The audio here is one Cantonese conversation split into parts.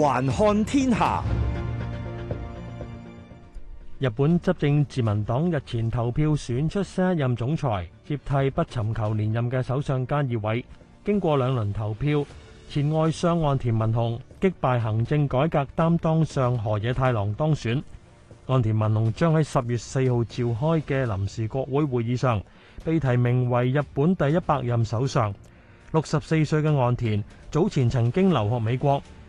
環看天下，日本執政自民黨日前投票選出新任總裁，接替不尋求連任嘅首相菅義偉。經過兩輪投票，前外相岸田文雄擊敗行政改革擔當相河野太郎當選。岸田文雄將喺十月四號召開嘅臨時國會會議上被提名為日本第一百任首相。六十四歲嘅岸田早前曾經留學美國。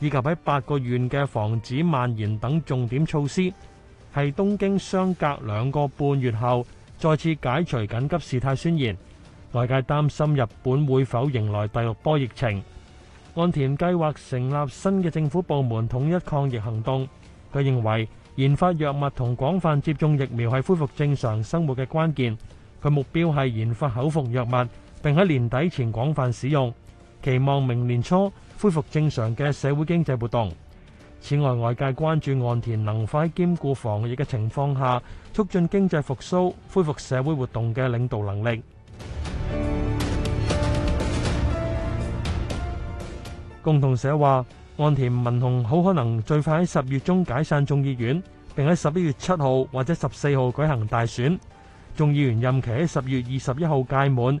以及喺八個縣嘅防止蔓延等重點措施，係東京相隔兩個半月後再次解除緊急事態宣言。外界擔心日本會否迎來第六波疫情。岸田計劃成立新嘅政府部門統一抗疫行動。佢認為研發藥物同廣泛接種疫苗係恢復正常生活嘅關鍵。佢目標係研發口服藥物並喺年底前廣泛使用。期望明年初恢復正常嘅社會經濟活動。此外，外界關注岸田能否喺兼顧防疫嘅情況下，促進經濟復甦、恢復社會活動嘅領導能力。共同社話，岸田文雄好可能最快喺十月中解散眾議院，並喺十一月七號或者十四號舉行大選。眾議員任期喺十月二十一號屆滿。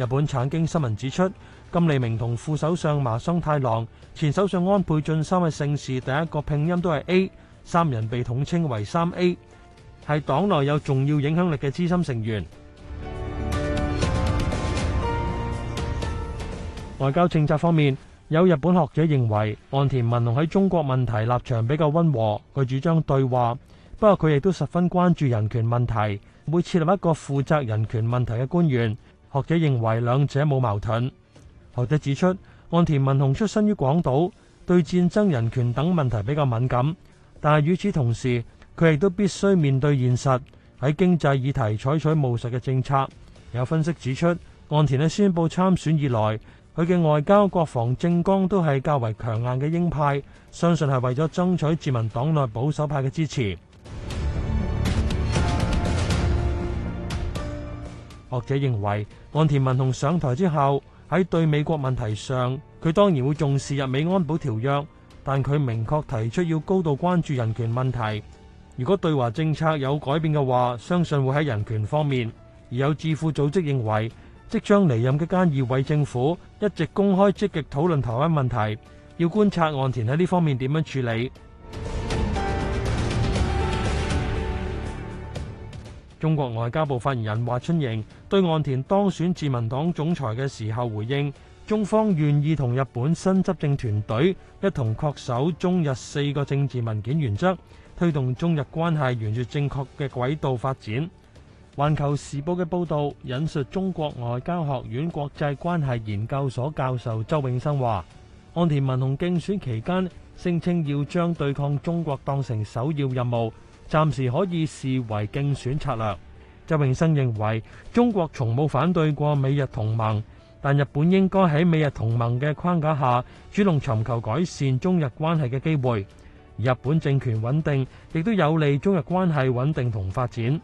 日本產經新聞指出，甘利明同副首相麻生太郎、前首相安倍晉三嘅姓氏第一個拼音都係 A，三人被統稱為三 A，係黨內有重要影響力嘅資深成員。外交政策方面，有日本學者認為岸田文雄喺中國問題立場比較温和，佢主張對話，不過佢亦都十分關注人權問題，會設立一個負責人權問題嘅官員。學者認為兩者冇矛盾。學者指出，岸田文雄出身於廣島，對戰爭、人權等問題比較敏感，但係與此同時，佢亦都必須面對現實，喺經濟議題採取務實嘅政策。有分析指出，岸田喺宣布參選以來，佢嘅外交、國防、政綱都係較為強硬嘅鷹派，相信係為咗爭取自民黨內保守派嘅支持。學者認為，岸田文雄上台之後喺對美國問題上，佢當然會重視日美安保條約，但佢明確提出要高度關注人權問題。如果對華政策有改變嘅話，相信會喺人權方面。而有智庫組織認為，即將離任嘅菅義偉政府一直公開積極討論台灣問題，要觀察岸田喺呢方面點樣處理。中國外交部發言人華春瑩對岸田當選自民黨總裁嘅時候回應，中方願意同日本新執政團隊一同恪守中日四個政治文件原則，推動中日關係沿住正確嘅軌道發展。環球時報嘅報道引述中國外交學院國際關係研究所教授周永生話，岸田文雄競選期間聲稱要將對抗中國當成首要任務。暫時可以視為競選策略。周永生認為，中國從冇反對過美日同盟，但日本應該喺美日同盟嘅框架下，主動尋求改善中日關係嘅機會。日本政權穩定，亦都有利中日關係穩定同發展。